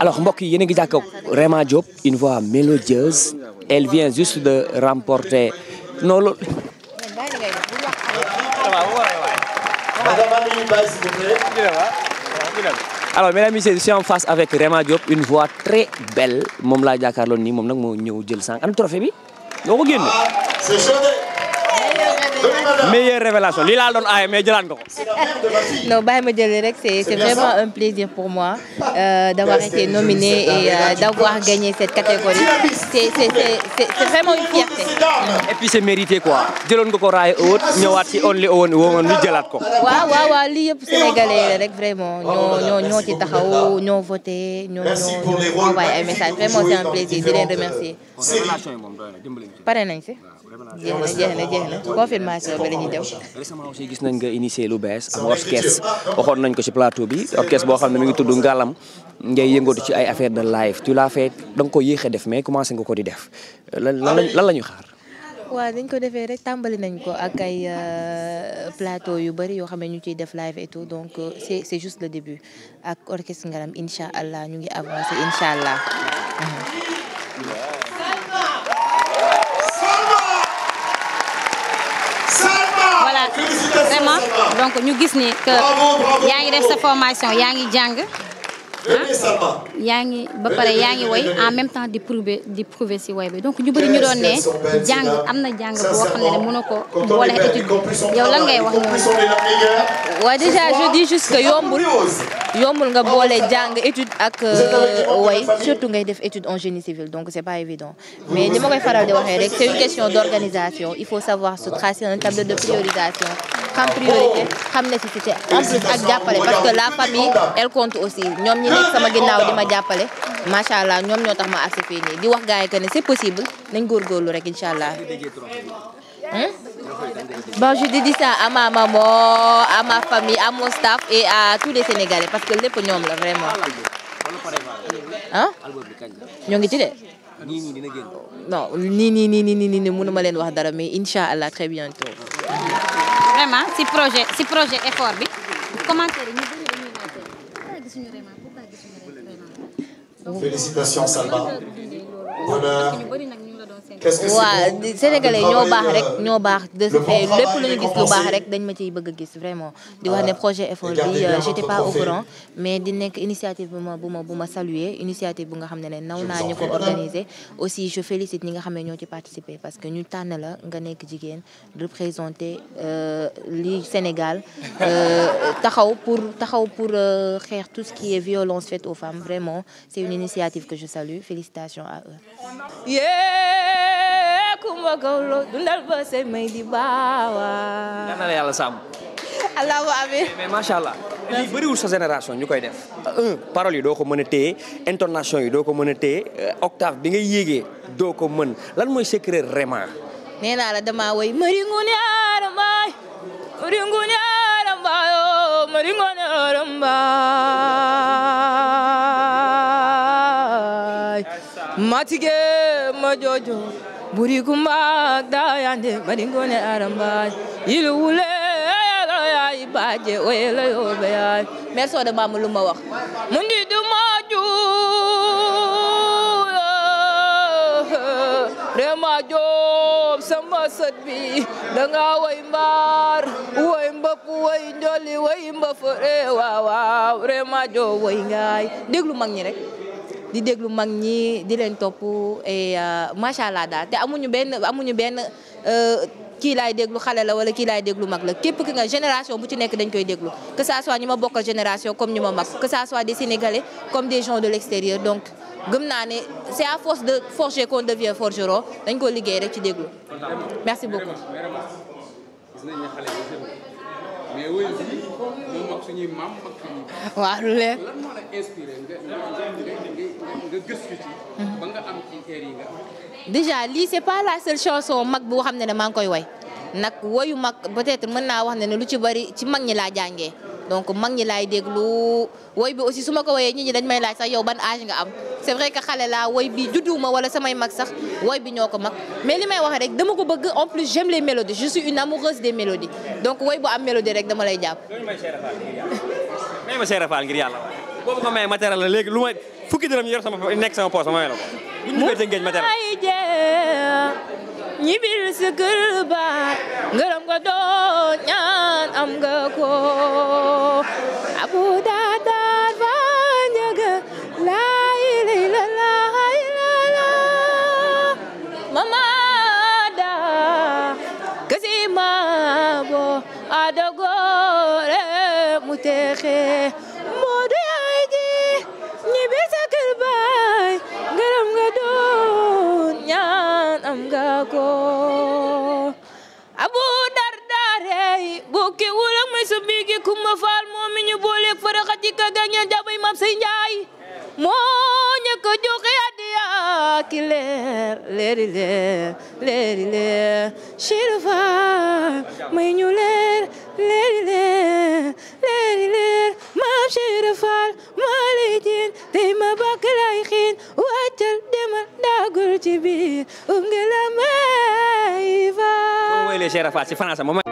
alors mbokk yi yéen a ngi jàkk Rema Diop une voix mélodieuse elle vient juste de remporter non loolu. alors mesdames et en face avec Rema Diop une voix très belle moom laa jàkkaarloo nii moom nag moo ñëw jël sànq am trophée bi. doo ko meilleure révélation lii laa doon mais jëlaat nga ko. non bàyyi ma jëlee rek c'est c'est vraiment un plaisir pour moi euh, d'avoir été nominée et euh, d'avoir gagné cette catégorie c'est vraiment une fierté. et puis c'est mérité quoi jëloon nga ko raay ëwët ñëwaat ci only ñu jëlaat ko. waaw waaw waaw lii yëpp sénégalais rek vraiment ñoo ñoo ci taxaw ñoo voté ñoo ñoo ñoo envoyé ay messages vraiment c'est un plaisir di leen remercier. pare nañ ci. jeex na jeex na na confirmation bi la ñuy def. récemment aussi gis nañ nga initier lu bees am orchestre waxoon nañ ko ci plateau bi orchestre boo xam ne mi ngi tudd Ngalam ngay yëngatu ci ay affaire de live tu l'as fait da nga ko def mais commencé nga ko di def lan lan la ñu xaar. waaw dañ ko defee rek tàmbali nañ ko ak ay euh, plateau yu bëri yoo xam ne ñu ciy def live et tout donc euh, c'est c'est juste le début ak orchestre Ngalam incha allah ñu ngi avancer incha allah. donc ñu gis ni que yaa ngi def sa formation yaa ngi jàng ah? yaa ngi ba pare yaa ngi woy en même temps di prouver di prouver si woy bi donc ñu bëri ñu doon ne jàng am na jàng boo xam ne mën na ko boole étude yow lan ngay wax ñoom. waaw déjà je dis juste que yombul yombul nga boole jàng étude ak euh, woy surtout ngay def étude en génie civil donc c'est pas évident mais ni ma koy faral di waxee rek c'est une question d'organisation il faut savoir se tracer un tableau de xam priorité xam nécessité en plus ak jàppale parce que la famille elle compte aussi ñoom ñi nekk sama ginnaaw di ma jàppale macha allah ñoom ñoo tax ma agsi fii di wax gars yi que ne c'est possible nañ góorgóorlu rek incha allah. bon je dédie ça à ma maman à ma famille à mon staff et tous les sénégalais parce que lépp ñoom la vraiment. ah ñoo ngi ci de. non nii nii nii nii nii mënuma leen wax dara mais incha allah très bientôt. vraiment si projet si projet effort bi commentaire yi ñu bëri dañuy noté pourquoi gisuñu Rema pourquoi gisuñu Rema. félicitations quest ñoo baax rek euh, ñoo baax de ce lu ñu gis lu baax rek dañ ma ciy bëgg a gis vraiment di wax ne projet effort bi euh, j'étais pas au courant mais di nekk initiative bu ma ma bu ma saluer initiative bu nga xam ne ne naw naa ñu ko organiser aussi je félicite ñi nga xam ne ñoo ci participer parce que ñu tànn nga nekk jigéen représenter euh, li Sénégal taxaw pour taxaw pour xeex tout ce qui est violence faite aux femmes vraiment c'est une initiative que je salue kumba gawlo dundal ba sey may di baawa. na la yàlla sàmm. allahu amin. mais macha allah. sa génération ñu koy def. Eh, un eh, paroles yi doo ko mën a téye intonation yi doo ko mën a téye eh, octave bi ngay yéegee doo ko mën lan mooy secret vraiment. nee naa la damaa woy maringun yaaram baay maringun yaaram baay oo oh, maringun yaaram baay matige ma jojo buri kumba da yande bari ngone aramba ilu wule yalo ya ibaje oyelo yobe ya merci oda mama luma wax mundi du maju eh, rema job sama sët bi danga way mbar way mbëpp way njoli way mbëf re waaw waaw rema job way ngaay déglu mag ñi rek di déglu mag ñi di leen topp et euh, macha daal te amuñu benn amuñu benn euh, kii laay déglu xale la wala kii laay déglu mag la képp ki nga génération bu ci nekk dañ koy déglu que ça soit ñu ma bokkal génération comme ñu ma mag que ça soit des sénégalais comme des gens de l'extérieur donc gëm naa ne c'est à force de forger qu'on devient forgeron dañ ko liggéey rek ci déglu merci beaucoup mais wóy bi moom la inspiré déjà lii c'est la seule chanson mag boo xam ne ne maa ngi koy way nag woyu mag peut mën naa wax ne ne lu ci bari ci mag ñi laa jànge donc mag ñi laay déglu woy bi aussi su ma ko woyee nit ñi dañ may laaj sax yow ban âge nga am c'est vrai que xale laa woy bi judduwuma wala samay mag sax woy bi ñoo ko mag mais li may wax rek dama ko bëgg en plus j'aime les mélodies je suis une amoureuse des mélodies donc woy bu am mélodie rek yàlla boobu ko may la léegi lu may fukki dërëm yor sama nekk sama poos ma may la ko. bu ñibbil sa kër ba ngërëm nga doon ñaan am nga ko. teexe moo de ay kër baay ngaram nga doon ñaan am nga ko abu darda rey bukki wulak may sa biigi kumba faal moo mi ñu booleeg fara xa jikka gañe jabay mam say njaay moo ñëkk a joxe adiya ki leer leeri leer leer Chérif Fall may ñu Cheikh Ibra Fall si France moom